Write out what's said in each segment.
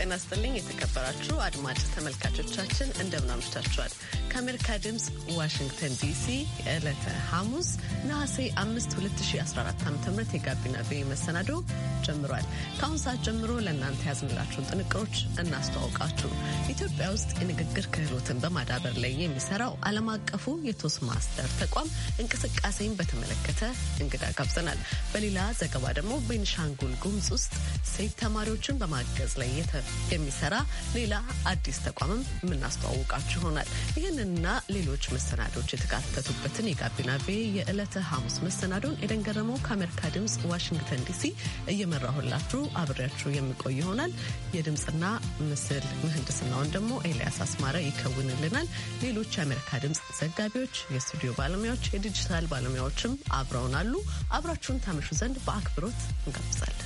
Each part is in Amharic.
ጤና ስጥልኝ የተከበራችሁ አድማጭ ተመልካቾቻችን እንደምን አምሽታችኋል። ከአሜሪካ ድምፅ ዋሽንግተን ዲሲ የዕለተ ሐሙስ ነሐሴ 5 2014 ዓ ም የጋቢና ቤ መሰናዶ ጀምሯል። ከአሁን ሰዓት ጀምሮ ለእናንተ ያዝንላችሁን ጥንቅሮች እናስተዋውቃችሁ። ኢትዮጵያ ውስጥ የንግግር ክህሎትን በማዳበር ላይ የሚሰራው ዓለም አቀፉ የቶስ ማስተር ተቋም እንቅስቃሴን በተመለከተ እንግዳ ጋብዘናል። በሌላ ዘገባ ደግሞ ቤንሻንጉል ጉምዝ ውስጥ ሴት ተማሪዎችን በማገዝ ላይ የሚሰራ ሌላ አዲስ ተቋምም የምናስተዋውቃችሁ ይሆናል። ይህንና ሌሎች መሰናዶች የተካተቱበትን የጋቢና ቤ የዕለተ ሐሙስ መሰናዶን ኤደን ገረመው ከአሜሪካ ድምፅ ዋሽንግተን ዲሲ እየመ የመራሁላችሁ አብሬያችሁ የሚቆይ ይሆናል። የድምፅና ምስል ምህንድስናውን ደግሞ ኤልያስ አስማረ ይከውንልናል። ሌሎች የአሜሪካ ድምፅ ዘጋቢዎች፣ የስቱዲዮ ባለሙያዎች፣ የዲጂታል ባለሙያዎችም አብረውን አሉ። አብራችሁን ታመሹ ዘንድ በአክብሮት እንጋብዛለን።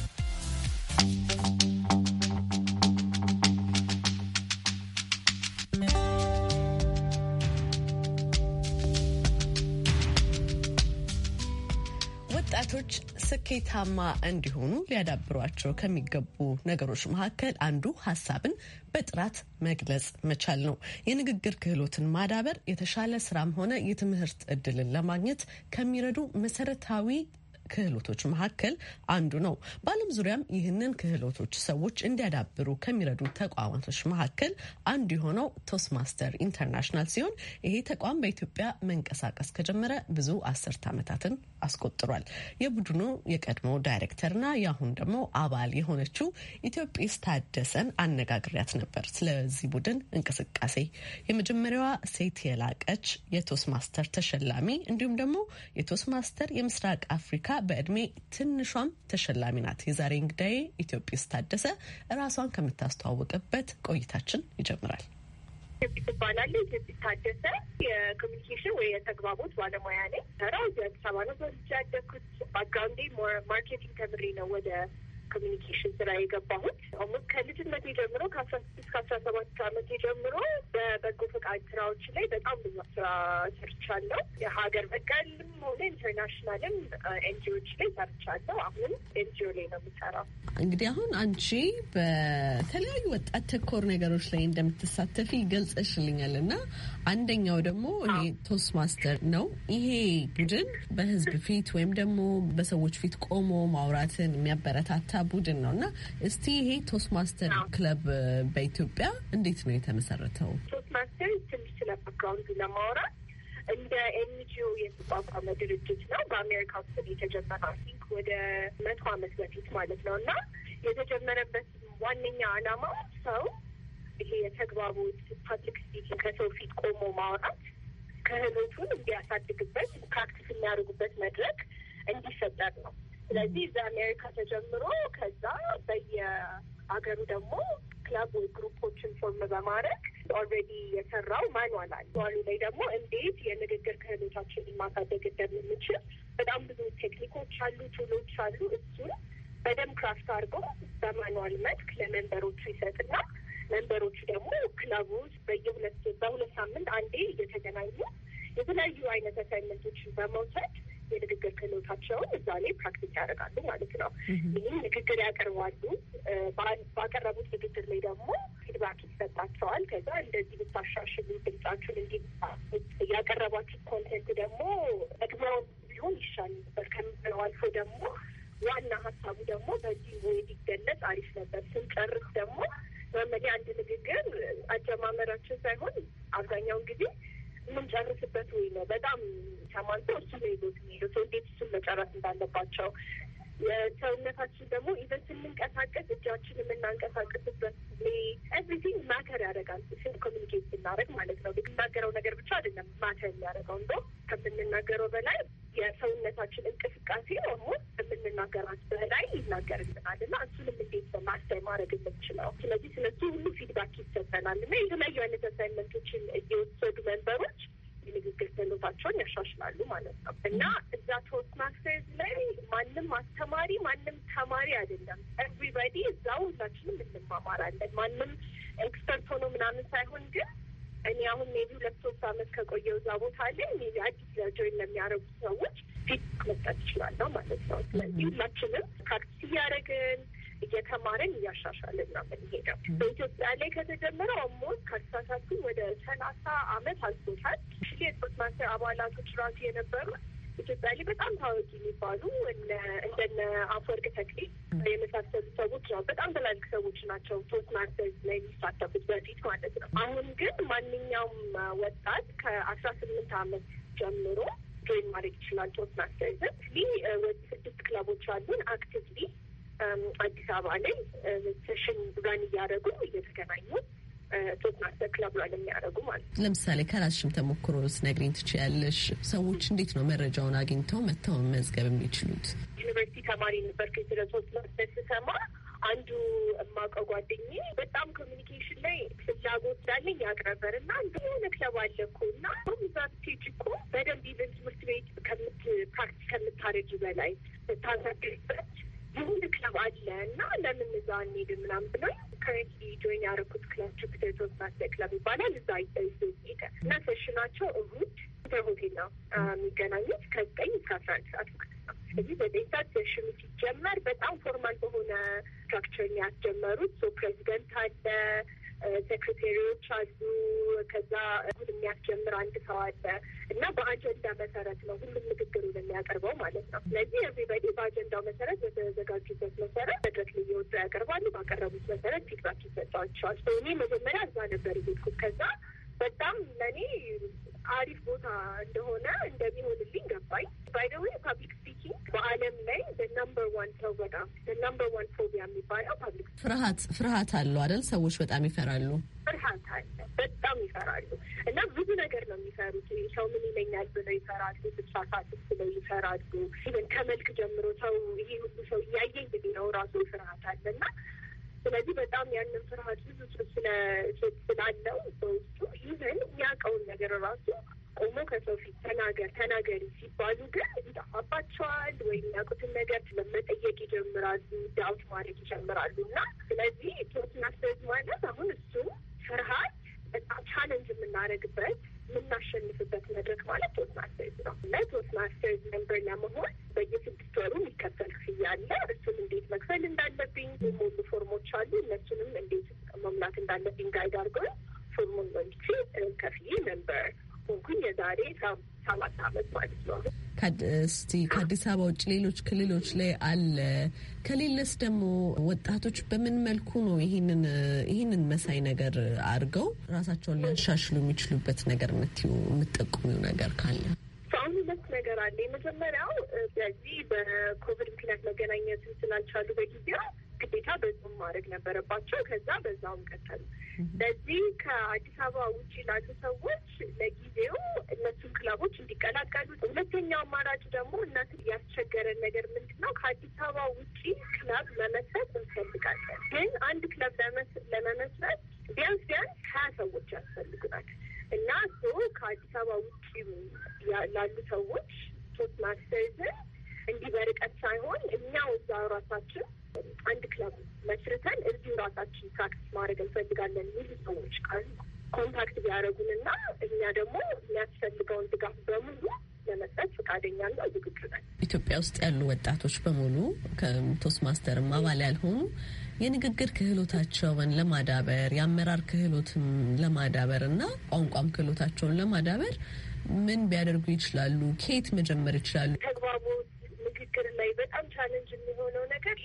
ወጣቶች ስኬታማ እንዲሆኑ ሊያዳብሯቸው ከሚገቡ ነገሮች መካከል አንዱ ሀሳብን በጥራት መግለጽ መቻል ነው። የንግግር ክህሎትን ማዳበር የተሻለ ስራም ሆነ የትምህርት እድልን ለማግኘት ከሚረዱ መሰረታዊ ክህሎቶች መካከል አንዱ ነው። በዓለም ዙሪያም ይህንን ክህሎቶች ሰዎች እንዲያዳብሩ ከሚረዱ ተቋማቶች መካከል አንዱ የሆነው ቶስማስተር ኢንተርናሽናል ሲሆን ይሄ ተቋም በኢትዮጵያ መንቀሳቀስ ከጀመረ ብዙ አስርት ዓመታትን አስቆጥሯል። የቡድኑ የቀድሞ ዳይሬክተርና የአሁን ደግሞ አባል የሆነችው ኢትዮጵስ ታደሰን አነጋግሪያት ነበር። ስለዚህ ቡድን እንቅስቃሴ የመጀመሪያዋ ሴት የላቀች የቶስ ማስተር ተሸላሚ እንዲሁም ደግሞ የቶስማስተር ማስተር የምስራቅ አፍሪካ በዕድሜ ትንሿም ተሸላሚ ናት። የዛሬ እንግዳዬ ኢትዮጵስ ታደሰ ራሷን ከምታስተዋወቅበት ቆይታችን ይጀምራል። ኢትዮጵስ እባላለሁ። ኢትዮጵስ ታደሰ የኮሚኒኬሽን ወይ የተግባቦት ባለሙያ ነኝ። ራ እዚህ አዲስ አበባ ነው በልጅ ያደግኩት። ባክግራውንዴ ማርኬቲንግ ተምሬ ነው ወደ ኮሚኒኬሽን ስራ የገባሁት ከልጅነቴ ጀምሮ ከአስራ ስድስት ከአስራ ሰባት አመት ጀምሮ በበጎ ፈቃድ ስራዎች ላይ በጣም ብዙ ስራ ሰርቻለሁ። የሀገር በቀልም ሆነ ኢንተርናሽናልም ኤንጂኦች ላይ ሰርቻለሁ። አሁንም ኤንጂዮ ላይ ነው የምሰራው። እንግዲህ አሁን አንቺ በተለያዩ ወጣት ተኮር ነገሮች ላይ እንደምትሳተፊ ገልጸሽልኛል እና አንደኛው ደግሞ ይሄ ቶስ ማስተር ነው። ይሄ ቡድን በህዝብ ፊት ወይም ደግሞ በሰዎች ፊት ቆሞ ማውራትን የሚያበረታታ ቡድን ነው እና እስቲ ይሄ ቶስት ማስተር ክለብ በኢትዮጵያ እንዴት ነው የተመሰረተው? ቶስት ማስተር ትንሽ ስለ ባክግራውንዱ ለማውራት እንደ ኤንጂኦ የተቋቋመ ድርጅት ነው። በአሜሪካ ውስጥ የተጀመረ ቲንክ ወደ መቶ ዓመት በፊት ማለት ነው እና የተጀመረበት ዋነኛ አላማው ሰው ይሄ የተግባቦት ፐብሊክ ስፒኪንግ ከሰው ፊት ቆሞ ማውራት ክህሎቱን እንዲያሳድግበት ፕራክቲስ የሚያደርጉበት መድረክ እንዲፈጠር ነው። ስለዚህ እዛ አሜሪካ ተጀምሮ ከዛ በየአገሩ ደግሞ ክለብ ወይ ግሩፖችን ፎርም በማድረግ ኦልሬዲ የሰራው ማንዋል አለ። ማንዋሉ ላይ ደግሞ እንዴት የንግግር ክህሎታችንን ማሳደግ እንደምንችል በጣም ብዙ ቴክኒኮች አሉ፣ ቱሎች አሉ። እሱን በደንብ ክራፍት አድርጎ በማንዋል መልክ ለመንበሮቹ ይሰጥና መንበሮቹ ደግሞ ክለቡ ውስጥ በየሁለት በሁለት ሳምንት አንዴ እየተገናኙ የተለያዩ አይነት አሳይመንቶችን በመውሰድ የንግግር ክህሎታቸውን እዛ ላይ ፕራክቲክ ያደርጋሉ ማለት ነው። ይህም ንግግር ያቀርባሉ። ባቀረቡት ንግግር ላይ ደግሞ ፊድባክ ይሰጣቸዋል። ከዛ እንደዚህ ብታሻሽሉ፣ ድምጻችሁን እንዲ ያቀረባችሁት ኮንቴንት ደግሞ መግቢያውን ቢሆን ይሻል ነበር ከምንለው አልፎ ደግሞ ዋና ሀሳቡ ደግሞ በዚህ ወይ ሊገለጽ አሪፍ ነበር። ስንጨርስ ደግሞ መመሪያ አንድ ንግግር አጀማመራችን ሳይሆን አብዛኛውን ጊዜ የምንጨርስበት ወይ ነው። በጣም ተማንተው እሱ ነው ይሉት ሰው እንዴት እሱን መጨረስ እንዳለባቸው የሰውነታችን ደግሞ ኢቨን ስንንቀሳቀስ እጃችን የምናንቀሳቀስበት ኤቭሪቲንግ ማተር ያደርጋል። ስን ኮሚኒኬት ስናደርግ ማለት ነው። የምናገረው ነገር ብቻ አይደለም ማተር የሚያደርገው እንደውም ከምንናገረው በላይ የሰውነታችን እንቅስቃሴ ሆሞ የምንናገራት በላይ ይናገርልናል። አዋቂ የመሳሰሉ ሰዎች ነው። በጣም ትላልቅ ሰዎች ናቸው ቶፕ ማርሰል ላይ የሚሳተፉት በፊት ማለት ነው። አሁን ግን ማንኛውም ወጣት ከአስራ ስምንት አመት ጀምሮ ጆይን ማድረግ ይችላል። ቶፕ ማርሰልን ወደ ስድስት ክለቦች አሉን አክቲቭሊ አዲስ አበባ ላይ ሴሽን ራን እያደረጉ እየተገናኙ ቶክናስ ክለብ ላይ የሚያደርጉ ማለት ነው። ለምሳሌ ከራስሽም ተሞክሮ ስነግሪኝ ትችያለሽ። ሰዎች እንዴት ነው መረጃውን አግኝተው መጥተውን መዝገብ የሚችሉት? ዩኒቨርሲቲ ተማሪ ነበርክ ስለ ሶስት ማስተር ስሰማ አንዱ የማውቀው ጓደኛዬ በጣም ኮሚኒኬሽን ላይ ፍላጎት እንዳለኝ ያውቅ ነበር እና የሆነ ክለብ አለ እኮ እና እዛ ስትሄጂ እኮ በደንብ ኢቨን ትምህርት ቤት ከምት ፕራክቲስ ከምታረጊ በላይ ታሳደግበት የሆነ ክለብ አለ እና ለምን እዛ አንሄድም ምናም ብሎኝ ከረንትሊ ጆይን ያደረኩት ክለብ ችክተቶች ማስለ ክለብ ይባላል። እዛ ይዞ ሄደ እና ሰሽናቸው እሁድ ሆቴል ነው የሚገናኙት ከዘጠኝ እስከ አስራ አንድ ሰዓት ስለዚህ በዴታት ሴሽኑ ሲጀመር በጣም ፎርማል በሆነ ስትራክቸር ያስጀመሩት። ሶ ፕሬዚደንት አለ፣ ሴክሬታሪዎች አሉ፣ ከዛ ሁን የሚያስጀምር አንድ ሰው አለ እና በአጀንዳ መሰረት ነው ሁሉም ንግግሩን የሚያቀርበው ማለት ነው። ስለዚህ ኤቭሪባዲ በአጀንዳው መሰረት በተዘጋጁበት መሰረት መድረክ ላይ እየወጡ ያቀርባሉ። ባቀረቡት መሰረት ፊድባክ ይሰጧቸዋል። እኔ መጀመሪያ እዛ ነበር ሄድኩት። ከዛ በጣም ለእኔ አሪፍ ቦታ እንደሆነ እንደሚሆንልኝ ገባኝ። ባይደዌ ፓብሊክ ስፒኪንግ በዓለም ላይ በናምበር ዋን ሰው በጣም በናምበር ዋን ፎቢያ የሚባለው ፓብሊክ ፍርሃት ፍርሃት አለው አይደል? ሰዎች በጣም ይፈራሉ። ፍርሃት አለ፣ በጣም ይፈራሉ። እና ብዙ ነገር ነው የሚፈሩት። ሰው ምን ይለኛል ብለው ይፈራሉ። ስሳሳት ብለው ይፈራሉ። ኢቨን ከመልክ ጀምሮ ሰው ይሄ ሁሉ ሰው እያየኝ ነው ራሱ ፍርሃት አለ እና ስለዚህ በጣም ያንን ፍርሃት ብዙ ስላለው በውስጡ ይዘን የሚያውቀውን ነገር ራሱ ቆሞ ከሰው ፊት ተናገር ተናገሪ ሲባሉ ግን ይጠፋባቸዋል ወይም ያውቁትን ነገር ለመጠየቅ ይጀምራሉ፣ ዳውት ማድረግ ይጀምራሉ። እና ስለዚህ ቶትና ስዝ ማለት አሁን እሱ ፍርሃት በጣም ቻለንጅ የምናደርግበት የምናሸንፍበት መድረክ ማለት ቶት ማስተርዝ ነው እና ቶት ማስተርዝ መንበር ለመሆን በየስድስት ወሩ የሚከፈል ክፍያ አለ። እሱም እንዴት መክፈል እንዳለብኝ የሞሉ ፎርሞች አሉ። እነሱንም እንዴት መሙላት እንዳለብኝ ጋይድ አድርገው ፊልሙን ወልቼ ከፍዬ ነበር ሆንኩኝ የዛሬ ሰባት አመት ማለት ነው። እስቲ ከአዲስ አበባ ውጭ ሌሎች ክልሎች ላይ አለ? ከሌለስ ደግሞ ወጣቶች በምን መልኩ ነው ይህንን ይህንን መሳይ ነገር አድርገው ራሳቸውን ሊያሻሽሉ የሚችሉበት ነገር የምትዩ የምትጠቁሚው ነገር ካለ? ሁለት ነገር አለ። የመጀመሪያው በዚህ በኮቪድ ምክንያት መገናኘት ስላልቻሉ በጊዜው ግዴታ በዙም ማድረግ ነበረባቸው። ከዛ በዛውም ቀጠሉ። በዚህ ከአዲስ አበባ ውጭ ላሉ ሰዎች ለጊዜው እነሱን ክለቦች እንዲቀላቀሉ፣ ሁለተኛው አማራጭ ደግሞ እናት ያስቸገረን ነገር ምንድን ነው? ከአዲስ አበባ ውጭ ክለብ መመስረት እንፈልጋለን፣ ግን አንድ ክለብ ለመመስረት ቢያንስ ቢያንስ ሀያ ሰዎች ያስፈልጉናል እና እሱ ከአዲስ አበባ ውጭ ላሉ ሰዎች ቶፕ ማስተርዝን እንዲህ በርቀት ሳይሆን እኛው እዛ ራሳችን አንድ ክለብ መስርተን እዚሁ ራሳችን ፕራክቲስ ማድረግ እንፈልጋለን የሚሉ ሰዎች ካሉ ኮንታክት ቢያደረጉን እና እኛ ደግሞ የሚያስፈልገውን ድጋፍ በሙሉ ለመስጠት ፈቃደኛና ዝግጁ ነን። ኢትዮጵያ ውስጥ ያሉ ወጣቶች በሙሉ ከቶስ ማስተርም አባል ያልሆኑ የንግግር ክህሎታቸውን ለማዳበር የአመራር ክህሎትም ለማዳበር እና ቋንቋም ክህሎታቸውን ለማዳበር ምን ቢያደርጉ ይችላሉ? ከየት መጀመር ይችላሉ? ተግባቦት፣ ንግግር ላይ በጣም ቻለንጅ የሚሆነው ነገር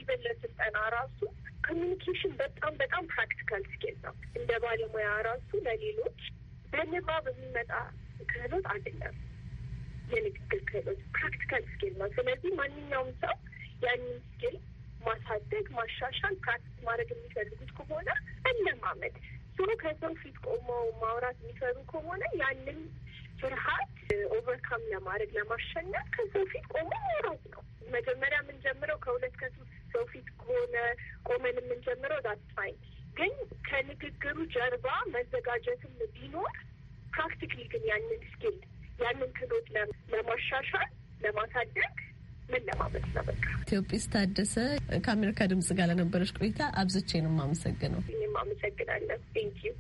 ኮሚኒኬሽን በጣም በጣም ፕራክቲካል ስኪል ነው። እንደ ባለሙያ ራሱ ለሌሎች በንባብ የሚመጣ ክህሎት አይደለም። የንግግር ክህሎት ፕራክቲካል ስኬል ነው። ስለዚህ ማንኛውም ሰው ያንን ስኪል ማሳደግ፣ ማሻሻል፣ ፕራክቲስ ማድረግ የሚፈልጉት ከሆነ እንለማመድ። ሰው ከሰው ፊት ቆመው ማውራት የሚፈሩ ከሆነ ያንን ፍርሃት ኦቨርካም ለማድረግ ለማሸነፍ ከሰው ፊት ቆመው ማውራት ነው። መጀመሪያ የምንጀምረው ከሁለት ከሶስት ሰው ፊት ከሆነ ቆመን የምንጀምረው ዳት ፋይን ግን ከንግግሩ ጀርባ መዘጋጀትም ቢኖር ፕራክቲካሊ ግን ያንን ስኪል ያንን ክህሎት ለማሻሻል ለማሳደግ ምን ለማመት ነው በቃ። ታደሰ ከአሜሪካ ድምጽ ጋር ለነበረች ቆይታ አብዝቼ ነው የማመሰግነው። እኔም አመሰግናለሁ። ቴንኪዩ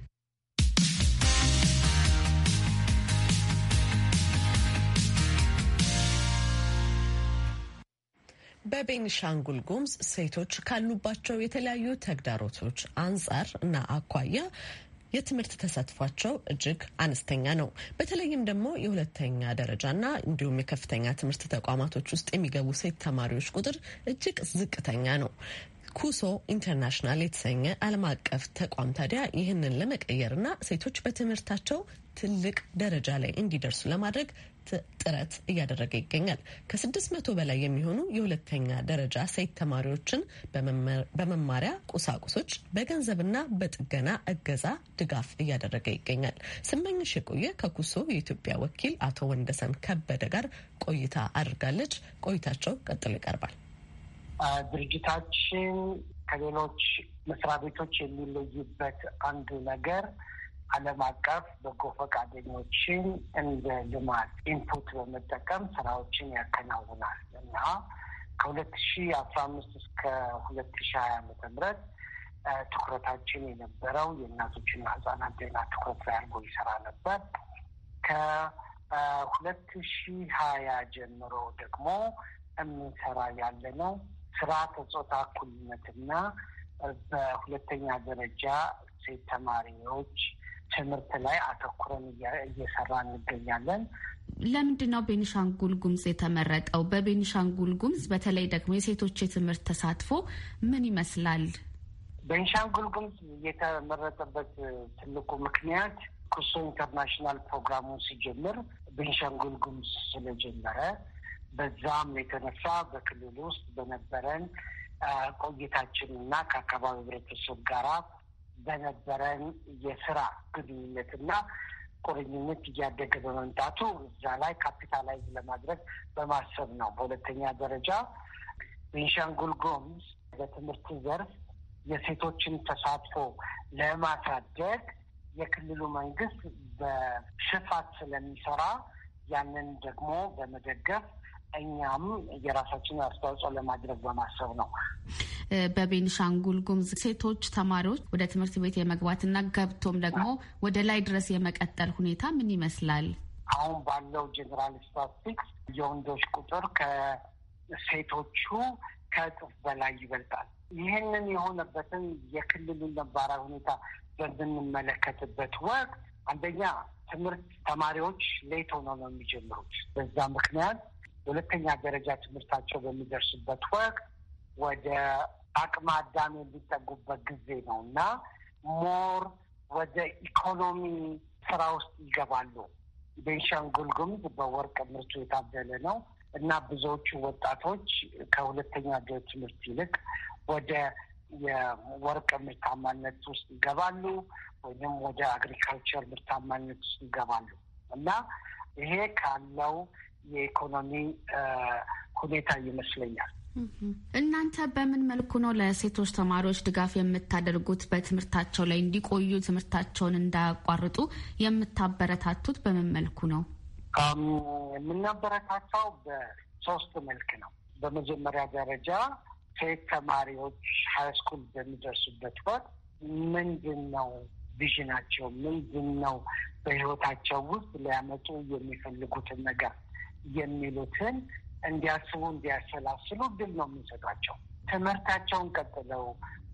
በቤኒሻንጉል ጉምዝ ሴቶች ካሉባቸው የተለያዩ ተግዳሮቶች አንጻር እና አኳያ የትምህርት ተሳትፏቸው እጅግ አነስተኛ ነው። በተለይም ደግሞ የሁለተኛ ደረጃና እንዲሁም የከፍተኛ ትምህርት ተቋማቶች ውስጥ የሚገቡ ሴት ተማሪዎች ቁጥር እጅግ ዝቅተኛ ነው። ኩሶ ኢንተርናሽናል የተሰኘ ዓለም አቀፍ ተቋም ታዲያ ይህንን ለመቀየርና ሴቶች በትምህርታቸው ትልቅ ደረጃ ላይ እንዲደርሱ ለማድረግ ጥረት እያደረገ ይገኛል። ከስድስት መቶ በላይ የሚሆኑ የሁለተኛ ደረጃ ሴት ተማሪዎችን በመማሪያ ቁሳቁሶች በገንዘብና በጥገና እገዛ ድጋፍ እያደረገ ይገኛል። ስመኝሽ የቆየ ከኩሶ የኢትዮጵያ ወኪል አቶ ወንደሰን ከበደ ጋር ቆይታ አድርጋለች። ቆይታቸው ቀጥሎ ይቀርባል። ድርጅታችን ከሌሎች መስሪያ ቤቶች የሚለይበት አንዱ ነገር ዓለም አቀፍ በጎ ፈቃደኞችን እንደ ልማት ኢንፑት በመጠቀም ስራዎችን ያከናውናል እና ከሁለት ሺ አስራ አምስት እስከ ሁለት ሺ ሀያ ዓመተ ምህረት ትኩረታችን የነበረው የእናቶችና ህጻናት ጤና ትኩረት ላይ አድርጎ ይሰራ ነበር። ከሁለት ሺ ሀያ ጀምሮ ደግሞ የምንሰራ ያለ ነው ስርዓተ ጾታ እኩልነትና በሁለተኛ ደረጃ ሴት ተማሪዎች ትምህርት ላይ አተኩረን እየሰራ እንገኛለን። ለምንድን ነው ቤኒሻንጉል ጉምዝ የተመረጠው? በቤኒሻንጉል ጉምዝ በተለይ ደግሞ የሴቶች የትምህርት ተሳትፎ ምን ይመስላል? ቤኒሻንጉል ጉምዝ የተመረጠበት ትልቁ ምክንያት ኩሶ ኢንተርናሽናል ፕሮግራሙን ሲጀምር ቤኒሻንጉል ጉምዝ ስለጀመረ በዛም የተነሳ በክልል ውስጥ በነበረን ቆይታችን እና ከአካባቢ ህብረተሰብ ጋራ በነበረን የስራ ግንኙነትና ቁርኝነት እያደገ በመምጣቱ እዛ ላይ ካፒታላይዝ ለማድረግ በማሰብ ነው። በሁለተኛ ደረጃ ቤንሻንጉል ጉሙዝ በትምህርት ዘርፍ የሴቶችን ተሳትፎ ለማሳደግ የክልሉ መንግስት በሽፋት ስለሚሰራ ያንን ደግሞ በመደገፍ እኛም የራሳችን አስተዋጽኦ ለማድረግ በማሰብ ነው። በቤንሻንጉል ጉሙዝ ሴቶች ተማሪዎች ወደ ትምህርት ቤት የመግባትና ገብቶም ደግሞ ወደ ላይ ድረስ የመቀጠል ሁኔታ ምን ይመስላል? አሁን ባለው ጀኔራል ስታቲስቲክስ የወንዶች ቁጥር ከሴቶቹ ከእጥፍ በላይ ይበልጣል። ይህንን የሆነበትን የክልሉን ነባራዊ ሁኔታ በምንመለከትበት ወቅት አንደኛ ትምህርት ተማሪዎች ሌት ሆነው ነው የሚጀምሩት። በዛ ምክንያት ሁለተኛ ደረጃ ትምህርታቸው በሚደርሱበት ወቅት ወደ አቅመ አዳሚ የሚጠጉበት ጊዜ ነው እና ሞር ወደ ኢኮኖሚ ስራ ውስጥ ይገባሉ። ቤንሻንጉል ጉሙዝ በወርቅ ምርቱ የታደለ ነው እና ብዙዎቹ ወጣቶች ከሁለተኛ ትምህርት ይልቅ ወደ የወርቅ ምርታማነት ውስጥ ይገባሉ ወይም ወደ አግሪካልቸር ምርታማነት ውስጥ ይገባሉ እና ይሄ ካለው የኢኮኖሚ ሁኔታ ይመስለኛል። እናንተ በምን መልኩ ነው ለሴቶች ተማሪዎች ድጋፍ የምታደርጉት? በትምህርታቸው ላይ እንዲቆዩ ትምህርታቸውን እንዳያቋርጡ የምታበረታቱት በምን መልኩ ነው? የምናበረታታው በሶስት መልክ ነው። በመጀመሪያ ደረጃ ሴት ተማሪዎች ሀይስኩል በሚደርሱበት ወቅት ምንድን ነው ቪዥናቸው? ምንድን ነው በህይወታቸው ውስጥ ሊያመጡ የሚፈልጉትን ነገር የሚሉትን እንዲያስቡ እንዲያሰላስሉ ድል ነው የምንሰጣቸው ትምህርታቸውን ቀጥለው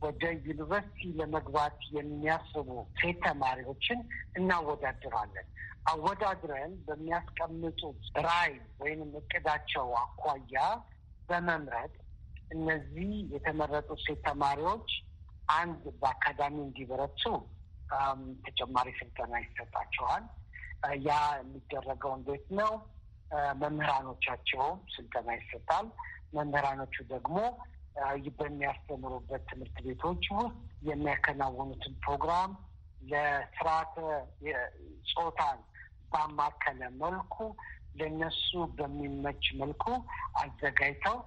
ወደ ዩኒቨርሲቲ ለመግባት የሚያስቡ ሴት ተማሪዎችን እናወዳድራለን። አወዳድረን በሚያስቀምጡት ራዕይ ወይም እቅዳቸው አኳያ በመምረጥ እነዚህ የተመረጡ ሴት ተማሪዎች አንድ በአካዳሚ እንዲበረቱ ተጨማሪ ስልጠና ይሰጣቸዋል። ያ የሚደረገው እንዴት ነው? መምህራኖቻቸውም ስልጠና ይሰጣል። መምህራኖቹ ደግሞ በሚያስተምሩበት ትምህርት ቤቶች ውስጥ የሚያከናውኑትን ፕሮግራም ለስርዓተ ጾታን ባማከለ መልኩ ለእነሱ በሚመች መልኩ አዘጋጅተው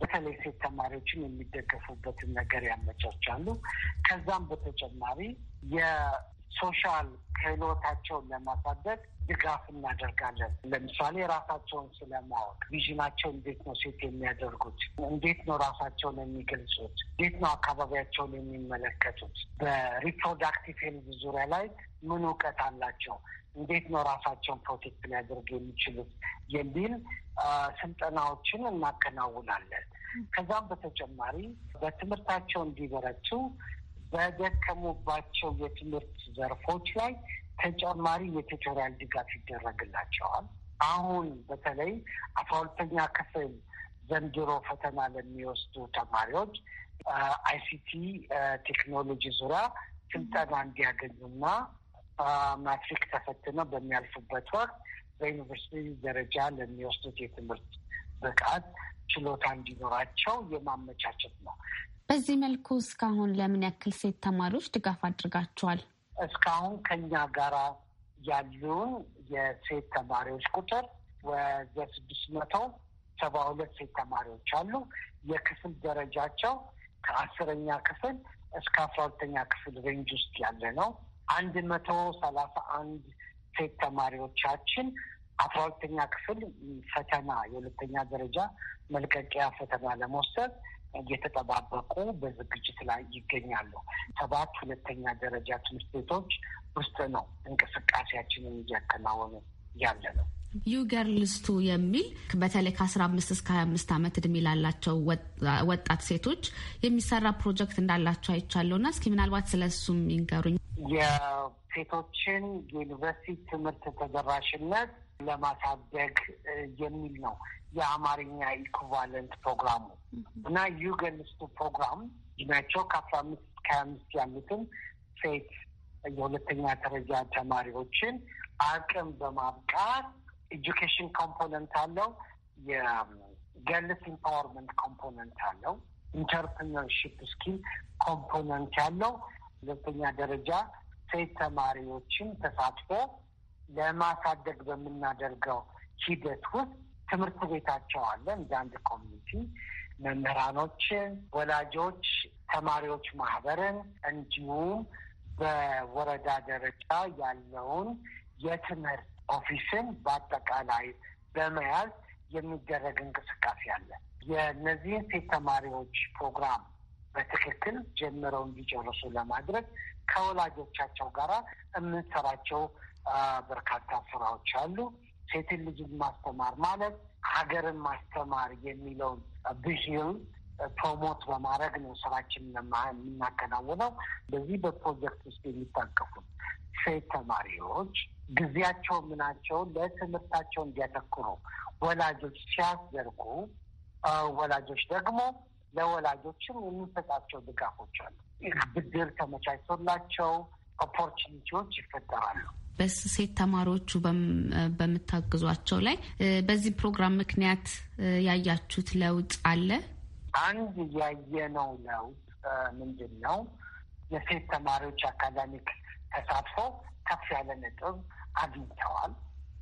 በተለይ ሴት ተማሪዎችን የሚደገፉበትን ነገር ያመቻቻሉ። ከዛም በተጨማሪ ሶሻል ክህሎታቸውን ለማሳደግ ድጋፍ እናደርጋለን። ለምሳሌ ራሳቸውን ስለማወቅ ቪዥናቸው እንዴት ነው ሴት የሚያደርጉት? እንዴት ነው ራሳቸውን የሚገልጹት? እንዴት ነው አካባቢያቸውን የሚመለከቱት? በሪፕሮዳክቲቭ ሄልዝ ዙሪያ ላይ ምን እውቀት አላቸው? እንዴት ነው ራሳቸውን ፕሮቴክት ሊያደርግ የሚችሉት የሚል ስልጠናዎችን እናከናውናለን። ከዛም በተጨማሪ በትምህርታቸው እንዲበረቱ በደከሙባቸው የትምህርት ዘርፎች ላይ ተጨማሪ የቱቶሪያል ድጋፍ ይደረግላቸዋል። አሁን በተለይ አስራ ሁለተኛ ክፍል ዘንድሮ ፈተና ለሚወስዱ ተማሪዎች አይሲቲ ቴክኖሎጂ ዙሪያ ስልጠና እንዲያገኙና ማትሪክ ተፈትነው በሚያልፉበት ወቅት በዩኒቨርሲቲ ደረጃ ለሚወስዱት የትምህርት ብቃት ችሎታ እንዲኖራቸው የማመቻቸት ነው። በዚህ መልኩ እስካሁን ለምን ያክል ሴት ተማሪዎች ድጋፍ አድርጋቸዋል? እስካሁን ከኛ ጋራ ያሉን የሴት ተማሪዎች ቁጥር ወደ ስድስት መቶ ሰባ ሁለት ሴት ተማሪዎች አሉ። የክፍል ደረጃቸው ከአስረኛ ክፍል እስከ አስራ ሁለተኛ ክፍል ሬንጅ ውስጥ ያለ ነው። አንድ መቶ ሰላሳ አንድ ሴት ተማሪዎቻችን አስራ ሁለተኛ ክፍል ፈተና የሁለተኛ ደረጃ መልቀቂያ ፈተና ለመውሰድ እየተጠባበቁ በዝግጅት ላይ ይገኛሉ። ሰባት ሁለተኛ ደረጃ ትምህርት ቤቶች ውስጥ ነው እንቅስቃሴያችንን እያከናወኑ ያለ ነው። ዩ ገርልስ የሚል በተለይ ከአስራ አምስት እስከ ሀያ አምስት ዓመት እድሜ ላላቸው ወጣት ሴቶች የሚሰራ ፕሮጀክት እንዳላቸው አይቻለሁ እና እስኪ ምናልባት ስለ እሱም ይንገሩኝ። የሴቶችን የዩኒቨርሲቲ ትምህርት ተደራሽነት ለማሳደግ የሚል ነው የአማርኛ ኢኩቫለንት ፕሮግራሙ እና ዩገንስቱ ፕሮግራም እድሜያቸው ከአስራ አምስት ከአምስት ያሉትን ሴት የሁለተኛ ደረጃ ተማሪዎችን አቅም በማብቃት ኤጁኬሽን ኮምፖነንት አለው። የገርልስ ኢምፓወርመንት ኮምፖነንት አለው። ኢንተርፕሪነርሺፕ ስኪል ኮምፖነንት ያለው ሁለተኛ ደረጃ ሴት ተማሪዎችን ተሳትፎ ለማሳደግ በምናደርገው ሂደት ውስጥ ትምህርት ቤታቸው አለ እንደ አንድ ኮሚኒቲ መምህራኖችን፣ ወላጆች፣ ተማሪዎች ማህበርን እንዲሁም በወረዳ ደረጃ ያለውን የትምህርት ኦፊስን በአጠቃላይ በመያዝ የሚደረግ እንቅስቃሴ አለ። የእነዚህን ሴት ተማሪዎች ፕሮግራም በትክክል ጀምረው እንዲጨርሱ ለማድረግ ከወላጆቻቸው ጋራ የምንሰራቸው በርካታ ስራዎች አሉ። ሴትን ልጅን ማስተማር ማለት ሀገርን ማስተማር የሚለውን ብሂል ፕሮሞት በማድረግ ነው ስራችን የምናከናውነው። በዚህ በፕሮጀክት ውስጥ የሚታቀፉት ሴት ተማሪዎች ጊዜያቸው ምናቸውን ለትምህርታቸው እንዲያተኩሩ ወላጆች ሲያስደርጉ ወላጆች ደግሞ ለወላጆችም የሚሰጣቸው ድጋፎች አሉ። ብድር ተመቻችቶላቸው ኦፖርቹኒቲዎች ይፈጠራሉ። በሴት ተማሪዎቹ በምታግዟቸው ላይ በዚህ ፕሮግራም ምክንያት ያያችሁት ለውጥ አለ? አንድ ያየነው ለውጥ ምንድን ነው? የሴት ተማሪዎች አካዳሚክ ተሳትፎ ከፍ ያለ ነጥብ አግኝተዋል፣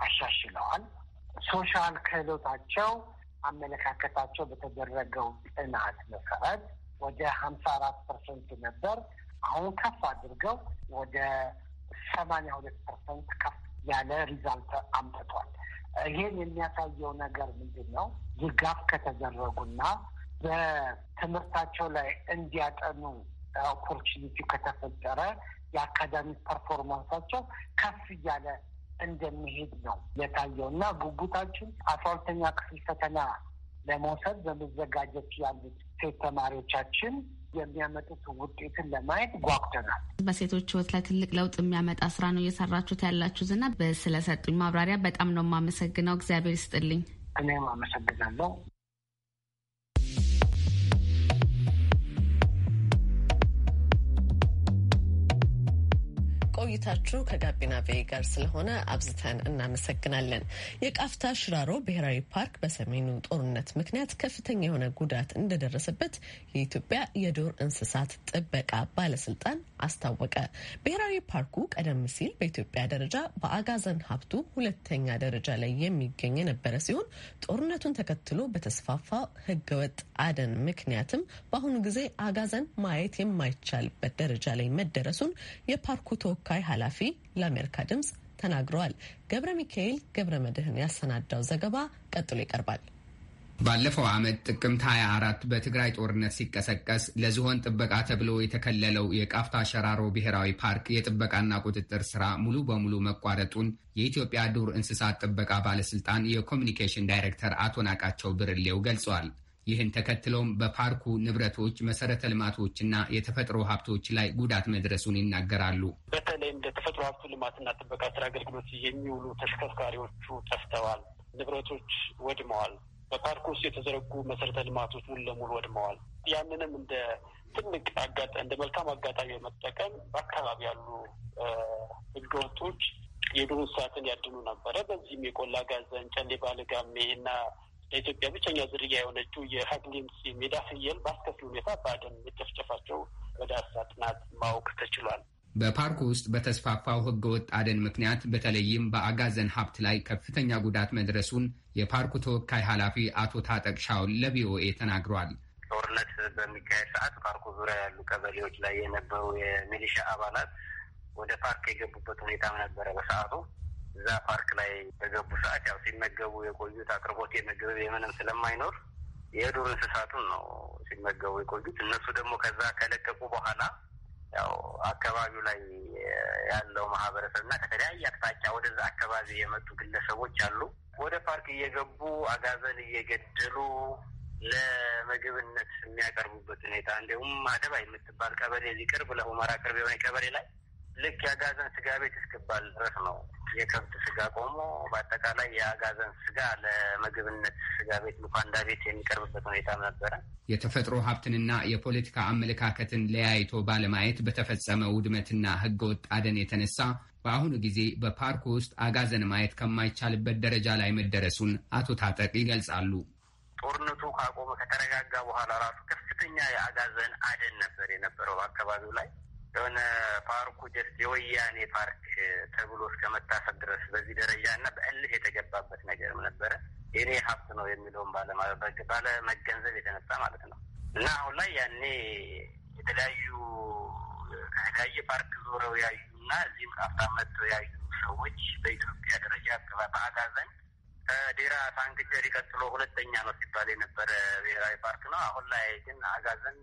አሻሽለዋል። ሶሻል ክህሎታቸው፣ አመለካከታቸው በተደረገው ጥናት መሰረት ወደ ሀምሳ አራት ፐርሰንት ነበር። አሁን ከፍ አድርገው ወደ ሰማንያ ሁለት ፐርሰንት ከፍ ያለ ሪዛልት አምጥቷል። ይህን የሚያሳየው ነገር ምንድን ነው? ድጋፍ ከተደረጉና በትምህርታቸው ላይ እንዲያጠኑ ኦፖርቹኒቲ ከተፈጠረ የአካዳሚክ ፐርፎርማንሳቸው ከፍ እያለ እንደሚሄድ ነው የታየው እና ጉጉታችን አስራ ሁለተኛ ክፍል ፈተና ለመውሰድ በመዘጋጀት ያሉት ሴት ተማሪዎቻችን የሚያመጡት ውጤትን ለማየት ጓጉተናል። በሴቶች ሕይወት ላይ ትልቅ ለውጥ የሚያመጣ ስራ ነው እየሰራችሁት ያላችሁት እና ስለሰጡኝ ማብራሪያ በጣም ነው የማመሰግነው። እግዚአብሔር ይስጥልኝ። እኔም አመሰግናለሁ። ቆይታችሁ ከጋቢና ቤ ጋር ስለሆነ አብዝተን እናመሰግናለን። የቃፍታ ሽራሮ ብሔራዊ ፓርክ በሰሜኑ ጦርነት ምክንያት ከፍተኛ የሆነ ጉዳት እንደደረሰበት የኢትዮጵያ የዱር እንስሳት ጥበቃ ባለስልጣን አስታወቀ። ብሔራዊ ፓርኩ ቀደም ሲል በኢትዮጵያ ደረጃ በአጋዘን ሀብቱ ሁለተኛ ደረጃ ላይ የሚገኝ የነበረ ሲሆን ጦርነቱን ተከትሎ በተስፋፋ ህገወጥ አደን ምክንያትም በአሁኑ ጊዜ አጋዘን ማየት የማይቻልበት ደረጃ ላይ መደረሱን የፓርኩ ተወካ ተወካይ ኃላፊ ለአሜሪካ ድምጽ ተናግረዋል። ገብረ ሚካኤል ገብረ መድህን ያሰናዳው ዘገባ ቀጥሎ ይቀርባል። ባለፈው ዓመት ጥቅምት 24 በትግራይ ጦርነት ሲቀሰቀስ ለዝሆን ጥበቃ ተብሎ የተከለለው የቃፍታ ሸራሮ ብሔራዊ ፓርክ የጥበቃና ቁጥጥር ስራ ሙሉ በሙሉ መቋረጡን የኢትዮጵያ ዱር እንስሳት ጥበቃ ባለስልጣን የኮሚኒኬሽን ዳይሬክተር አቶ ናቃቸው ብርሌው ገልጸዋል። ይህን ተከትሎም በፓርኩ ንብረቶች፣ መሰረተ ልማቶችና የተፈጥሮ ሀብቶች ላይ ጉዳት መድረሱን ይናገራሉ። በተለይም ተፈጥሮ ሀብቱ ልማትና ጥበቃ ስራ አገልግሎት የሚውሉ ተሽከርካሪዎቹ ጠፍተዋል፣ ንብረቶች ወድመዋል። በፓርኩ ውስጥ የተዘረጉ መሰረተ ልማቶች ሙሉ ለሙሉ ወድመዋል። ያንንም እንደ ትልቅ አጋጣ እንደ መልካም አጋጣሚ በመጠቀም በአካባቢ ያሉ ህገወጦች የዱር እንስሳትን ያድኑ ነበረ። በዚህም የቆላ ጋዘን፣ ጨሌ ባልጋሜ እና ለኢትዮጵያ ብቸኛ ዝርያ የሆነችው የሃግሊምስ ሜዳ ፍየል በአስከፊ ሁኔታ በአደን መጨፍጨፋቸው በዳሰሳ ጥናት ማወቅ ተችሏል። በፓርኩ ውስጥ በተስፋፋው ህገወጥ አደን ምክንያት በተለይም በአጋዘን ሀብት ላይ ከፍተኛ ጉዳት መድረሱን የፓርኩ ተወካይ ኃላፊ አቶ ታጠቅ ሻውን ለቪኦኤ ተናግሯል። ጦርነት በሚካሄድ ሰዓት ፓርኩ ዙሪያ ያሉ ቀበሌዎች ላይ የነበሩ የሚሊሻ አባላት ወደ ፓርክ የገቡበት ሁኔታም ነበረ በሰዓቱ እዛ ፓርክ ላይ በገቡ ሰዓት ያው ሲመገቡ የቆዩት አቅርቦት የምግብ የምንም ስለማይኖር የዱር እንስሳቱን ነው ሲመገቡ የቆዩት። እነሱ ደግሞ ከዛ ከለቀቁ በኋላ ያው አካባቢው ላይ ያለው ማህበረሰብ እና ከተለያየ አቅጣጫ ወደዛ አካባቢ የመጡ ግለሰቦች አሉ። ወደ ፓርክ እየገቡ አጋዘን እየገደሉ ለምግብነት የሚያቀርቡበት ሁኔታ እንዲሁም አደባ የምትባል ቀበሌ እዚህ ቅርብ ለሁመራ ቅርብ የሆነ ቀበሌ ላይ ልክ የአጋዘን ስጋ ቤት እስክባል ድረስ ነው የከብት ስጋ ቆሞ በአጠቃላይ የአጋዘን ስጋ ለምግብነት ስጋ ቤት ሉካንዳ ቤት የሚቀርብበት ሁኔታ ነበረ። የተፈጥሮ ሀብትንና የፖለቲካ አመለካከትን ለያይቶ ባለማየት በተፈጸመ ውድመትና ህገወጥ አደን የተነሳ በአሁኑ ጊዜ በፓርኩ ውስጥ አጋዘን ማየት ከማይቻልበት ደረጃ ላይ መደረሱን አቶ ታጠቅ ይገልጻሉ። ጦርነቱ ካቆመ ከተረጋጋ በኋላ ራሱ ከፍተኛ የአጋዘን አደን ነበር የነበረው አካባቢው ላይ የሆነ ፓርኩ ጀስት የወያኔ ፓርክ ተብሎ እስከ መታሰብ ድረስ በዚህ ደረጃ እና በእልህ የተገባበት ነገርም ነበረ። የኔ ሀብት ነው የሚለውን ባለመገንዘብ የተነሳ ማለት ነው እና አሁን ላይ ያኔ የተለያዩ ከተለያየ ፓርክ ዞረው ያዩ እና እዚህም ሀብታም መጥተው ያዩ ሰዎች በኢትዮጵያ ደረጃ በአጋዘን ከዴራ ሳንክቸሪ ቀጥሎ ሁለተኛ ነው ሲባል የነበረ ብሔራዊ ፓርክ ነው። አሁን ላይ ግን አጋዘን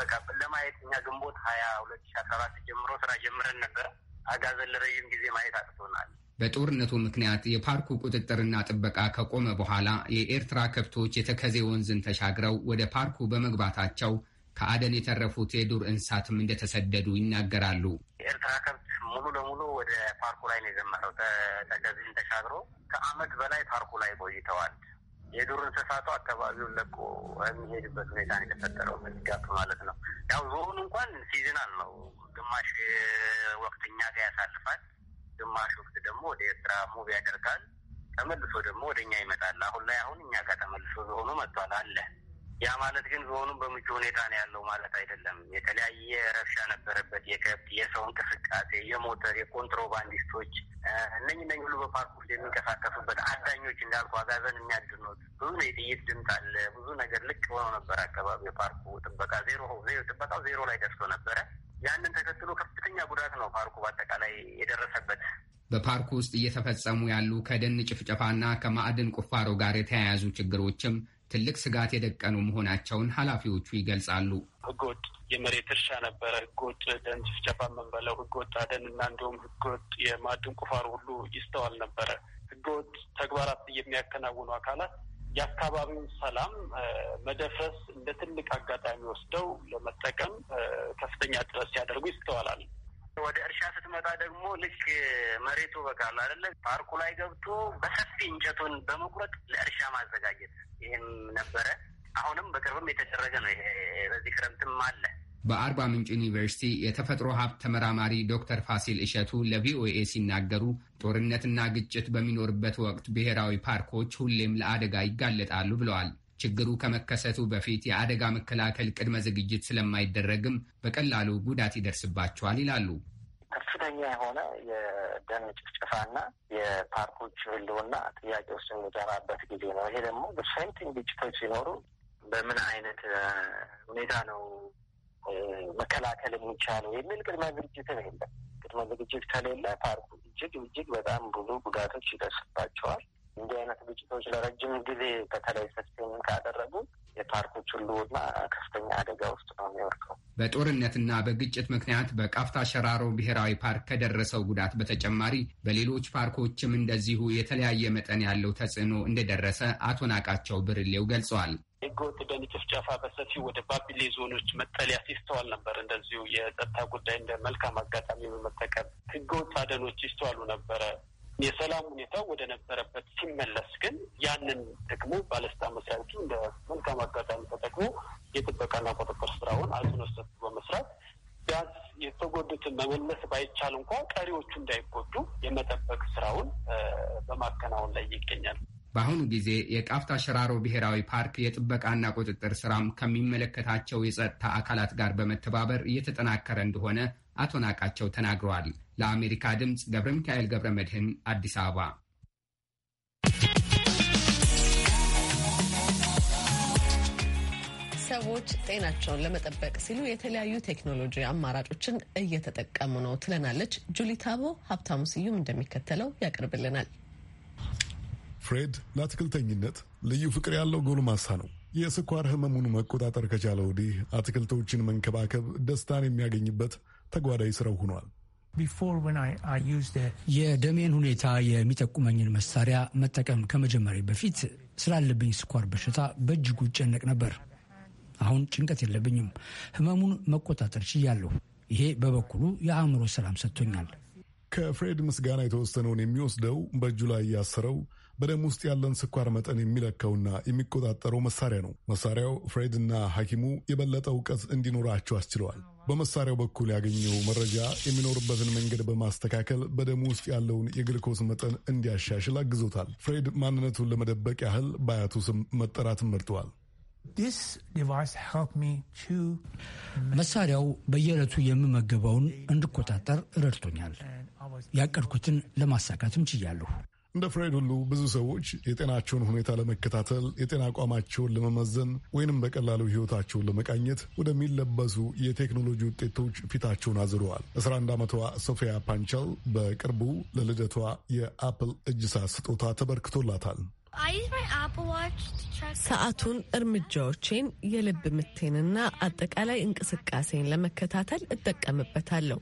በቃ ለማየት እኛ ግንቦት ሀያ ሁለት ሺ አስራ አራት ጀምሮ ስራ ጀምረን ነበር። አጋዘን ለረዥም ጊዜ ማየት አቅቶናል። በጦርነቱ ምክንያት የፓርኩ ቁጥጥርና ጥበቃ ከቆመ በኋላ የኤርትራ ከብቶች የተከዜ ወንዝን ተሻግረው ወደ ፓርኩ በመግባታቸው ከአደን የተረፉት የዱር እንስሳትም እንደተሰደዱ ይናገራሉ። የኤርትራ ከብት ሙሉ ለሙሉ ወደ ፓርኩ ላይ ነው የዘመረው ተከዜን ተሻግሮ ከአመት በላይ ፓርኩ ላይ ቆይተዋል። የዱር እንስሳቱ አካባቢውን ለቆ የሚሄድበት ሁኔታ ነው የተፈጠረው በዚህ ማለት ነው። ያው ዞሩን እንኳን ሲዝናል ነው። ግማሽ ወቅት እኛ ጋር ያሳልፋል፣ ግማሽ ወቅት ደግሞ ወደ ኤርትራ ሙቭ ያደርጋል፣ ተመልሶ ደግሞ ወደ እኛ ይመጣል። አሁን ላይ አሁን እኛ ጋር ተመልሶ ዞኑ መጥቷል አለ ያ ማለት ግን ዞኑም በምቹ ሁኔታ ነው ያለው ማለት አይደለም። የተለያየ ረብሻ ነበረበት። የከብት የሰው እንቅስቃሴ፣ የሞተር፣ የኮንትሮባንዲስቶች እነኝ እነኝ ሁሉ በፓርክ ውስጥ የሚንቀሳቀሱበት አዳኞች እንዳልኩ አጋዘን የሚያድኑት ብዙ ነው። የጥይት ድምፅ አለ፣ ብዙ ነገር ልቅ ሆኖ ነበር አካባቢ የፓርኩ ጥበቃ ዜሮ ጥበቃው ዜሮ ላይ ደርሶ ነበረ። ያንን ተከትሎ ከፍተኛ ጉዳት ነው ፓርኩ በአጠቃላይ የደረሰበት። በፓርኩ ውስጥ እየተፈጸሙ ያሉ ከደን ጭፍጨፋና ከማዕድን ቁፋሮ ጋር የተያያዙ ችግሮችም ትልቅ ስጋት የደቀኑ መሆናቸውን ኃላፊዎቹ ይገልጻሉ። ህገወጥ የመሬት እርሻ ነበረ፣ ህገወጥ ደን ጭፍጨፋ የምንበለው ህገወጥ አደን እና እንዲሁም ህገወጥ የማዕድን ቁፋሮ ሁሉ ይስተዋል ነበረ። ህገወጥ ተግባራት የሚያከናውኑ አካላት የአካባቢውን ሰላም መደፍረስ እንደ ትልቅ አጋጣሚ ወስደው ለመጠቀም ከፍተኛ ጥረት ሲያደርጉ ይስተዋላል። ወደ እርሻ ስትመጣ ደግሞ ልክ መሬቱ በቃል አደለ ፓርኩ ላይ ገብቶ በሰፊ እንጨቱን በመቁረጥ ለእርሻ ማዘጋጀት ይህም ነበረ። አሁንም በቅርብም የተደረገ ነው። ይሄ በዚህ ክረምትም አለ። በአርባ ምንጭ ዩኒቨርሲቲ የተፈጥሮ ሀብት ተመራማሪ ዶክተር ፋሲል እሸቱ ለቪኦኤ ሲናገሩ ጦርነትና ግጭት በሚኖርበት ወቅት ብሔራዊ ፓርኮች ሁሌም ለአደጋ ይጋለጣሉ ብለዋል። ችግሩ ከመከሰቱ በፊት የአደጋ መከላከል ቅድመ ዝግጅት ስለማይደረግም በቀላሉ ጉዳት ይደርስባቸዋል ይላሉ። ከፍተኛ የሆነ የደን ጭፍጨፋና የፓርኮች ሕልውና ጥያቄ ውስጥ የሚገባበት ጊዜ ነው። ይሄ ደግሞ በሳይንቲንግ ግጭቶች ሲኖሩ በምን አይነት ሁኔታ ነው መከላከል የሚቻለው የሚል ቅድመ ዝግጅትም የለም። ቅድመ ዝግጅት ከሌለ ፓርኩ እጅግ እጅግ በጣም ብዙ ጉዳቶች ይደርስባቸዋል። እንዲህ አይነት ግጭቶች ለረጅም ጊዜ በተለይ ሰስፔን ካደረጉ የፓርኮች ሁሉ ከፍተኛ አደጋ ውስጥ ነው የሚወርቀው። በጦርነትና በግጭት ምክንያት በቃፍታ ሸራሮ ብሔራዊ ፓርክ ከደረሰው ጉዳት በተጨማሪ በሌሎች ፓርኮችም እንደዚሁ የተለያየ መጠን ያለው ተጽዕኖ እንደደረሰ አቶ ናቃቸው ብርሌው ገልጸዋል። ህገወጥ ደንብ ጭፍጨፋ በሰፊው ወደ ባቢሌ ዞኖች መጠለያ ሲስተዋል ነበር። እንደዚሁ የጸጥታ ጉዳይ እንደ መልካም አጋጣሚ በመጠቀም ህገወጥ አደኖች ይስተዋሉ ነበረ። የሰላም ሁኔታ ወደ ነበረበት ሲመለስ ግን ያንን ደግሞ ባለስልጣን መስሪያ ቤቱ እንደ መልካም አጋጣሚ ተጠቅሞ የጥበቃና ቁጥጥር ስራውን አጽንኦት ሰጥቶ በመስራት ቢያንስ የተጎዱትን መመለስ ባይቻል እንኳ ቀሪዎቹ እንዳይጎዱ የመጠበቅ ስራውን በማከናወን ላይ ይገኛል። በአሁኑ ጊዜ የቃፍታ ሸራሮ ብሔራዊ ፓርክ የጥበቃና ቁጥጥር ስራም ከሚመለከታቸው የጸጥታ አካላት ጋር በመተባበር እየተጠናከረ እንደሆነ አቶ ናቃቸው ተናግረዋል። ለአሜሪካ ድምፅ ገብረ ሚካኤል ገብረ መድህን አዲስ አበባ። ሰዎች ጤናቸውን ለመጠበቅ ሲሉ የተለያዩ ቴክኖሎጂ አማራጮችን እየተጠቀሙ ነው ትለናለች ጁሊ ታቦ። ሀብታሙ ስዩም እንደሚከተለው ያቀርብልናል። ፍሬድ ለአትክልተኝነት ልዩ ፍቅር ያለው ጎልማሳ ነው። የስኳር ህመሙን መቆጣጠር ከቻለ ወዲህ አትክልቶችን መንከባከብ ደስታን የሚያገኝበት ተጓዳይ ስራው ሆኗል። የደሜን ሁኔታ የሚጠቁመኝን መሳሪያ መጠቀም ከመጀመሪያ በፊት ስላለብኝ ስኳር በሽታ በእጅጉ ጨነቅ ነበር። አሁን ጭንቀት የለብኝም። ህመሙን መቆጣጠር ችያለሁ። ይሄ በበኩሉ የአእምሮ ሰላም ሰጥቶኛል። ከፍሬድ ምስጋና የተወሰነውን የሚወስደው በእጁ ላይ ያሰረው በደም ውስጥ ያለን ስኳር መጠን የሚለካውና የሚቆጣጠረው መሳሪያ ነው። መሳሪያው ፍሬድና ሐኪሙ የበለጠ እውቀት እንዲኖራቸው አስችለዋል። በመሳሪያው በኩል ያገኘው መረጃ የሚኖርበትን መንገድ በማስተካከል በደም ውስጥ ያለውን የግልኮስ መጠን እንዲያሻሽል አግዞታል። ፍሬድ ማንነቱን ለመደበቅ ያህል በአያቱ ስም መጠራትን መርጠዋል። መሳሪያው በየዕለቱ የምመገበውን እንድቆጣጠር ረድቶኛል። ያቀድኩትን ለማሳካትም ችያለሁ። እንደ ፍሬድ ሁሉ ብዙ ሰዎች የጤናቸውን ሁኔታ ለመከታተል የጤና አቋማቸውን ለመመዘን ወይንም በቀላሉ ሕይወታቸውን ለመቃኘት ወደሚለበሱ የቴክኖሎጂ ውጤቶች ፊታቸውን አዝረዋል። 11 ዓመቷ ሶፊያ ፓንቸል በቅርቡ ለልደቷ የአፕል እጅ ሰዓት ስጦታ ተበርክቶላታል። ሰዓቱን እርምጃዎቼን፣ የልብ ምቴንና አጠቃላይ እንቅስቃሴን ለመከታተል እጠቀምበታለሁ።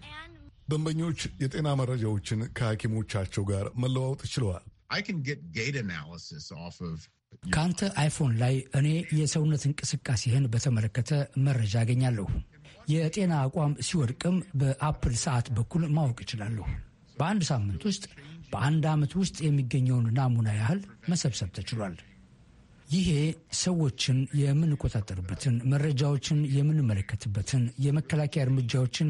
ደንበኞች የጤና መረጃዎችን ከሐኪሞቻቸው ጋር መለዋወጥ ችለዋል። ከአንተ አይፎን ላይ እኔ የሰውነት እንቅስቃሴህን በተመለከተ መረጃ አገኛለሁ። የጤና አቋም ሲወድቅም በአፕል ሰዓት በኩል ማወቅ እችላለሁ። በአንድ ሳምንት ውስጥ በአንድ ዓመት ውስጥ የሚገኘውን ናሙና ያህል መሰብሰብ ተችሏል። ይሄ ሰዎችን የምንቆጣጠርበትን፣ መረጃዎችን የምንመለከትበትን፣ የመከላከያ እርምጃዎችን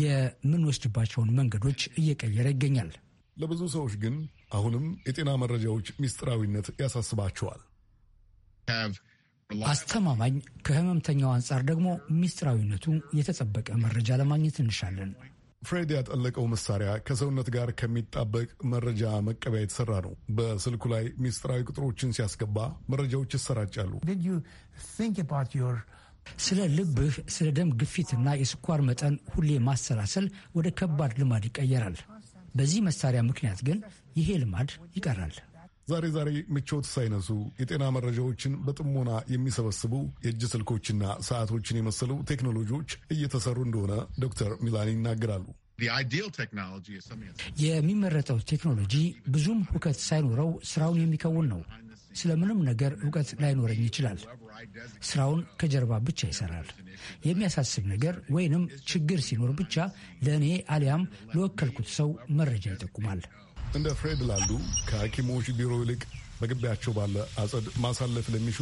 የምንወስድባቸውን መንገዶች እየቀየረ ይገኛል። ለብዙ ሰዎች ግን አሁንም የጤና መረጃዎች ሚስጥራዊነት ያሳስባቸዋል። አስተማማኝ ከህመምተኛው አንጻር ደግሞ ሚስጥራዊነቱ የተጠበቀ መረጃ ለማግኘት እንሻለን። ፍሬድ ያጠለቀው መሳሪያ ከሰውነት ጋር ከሚጣበቅ መረጃ መቀበያ የተሰራ ነው። በስልኩ ላይ ሚስጥራዊ ቁጥሮችን ሲያስገባ መረጃዎች ይሰራጫሉ። ስለ ልብህ፣ ስለ ደም ግፊትና የስኳር መጠን ሁሌ ማሰላሰል ወደ ከባድ ልማድ ይቀየራል። በዚህ መሳሪያ ምክንያት ግን ይሄ ልማድ ይቀራል። ዛሬ ዛሬ ምቾት ሳይነሱ የጤና መረጃዎችን በጥሞና የሚሰበስቡ የእጅ ስልኮችና ሰዓቶችን የመሰሉ ቴክኖሎጂዎች እየተሰሩ እንደሆነ ዶክተር ሚላኒ ይናገራሉ። የሚመረጠው ቴክኖሎጂ ብዙም ሁከት ሳይኖረው ስራውን የሚከውን ነው። ስለምንም ነገር እውቀት ላይኖረኝ ይችላል። ስራውን ከጀርባ ብቻ ይሰራል። የሚያሳስብ ነገር ወይንም ችግር ሲኖር ብቻ ለእኔ አሊያም ለወከልኩት ሰው መረጃ ይጠቁማል። እንደ ፍሬድ ላሉ ከሐኪሞች ቢሮ ይልቅ በግቢያቸው ባለ አጸድ ማሳለፍ ለሚሹ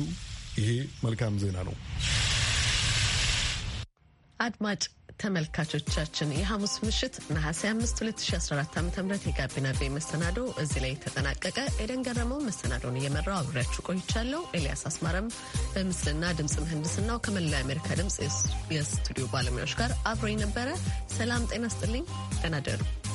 ይሄ መልካም ዜና ነው። አድማጭ ተመልካቾቻችን የሐሙስ ምሽት ነሐሴ 5 2014 ዓ ም የጋቢና ቤ መሰናዶ እዚህ ላይ ተጠናቀቀ። ኤደን ገረመው መሰናዶውን እየመራው አብሬያችሁ ቆይቻለሁ። ኤልያስ አስማረም በምስልና ድምፅ ምህንድስናው ከመላው የአሜሪካ ድምፅ የስቱዲዮ ባለሙያዎች ጋር አብሮኝ ነበረ። ሰላም ጤና ስጥልኝ። ደህና ደሩ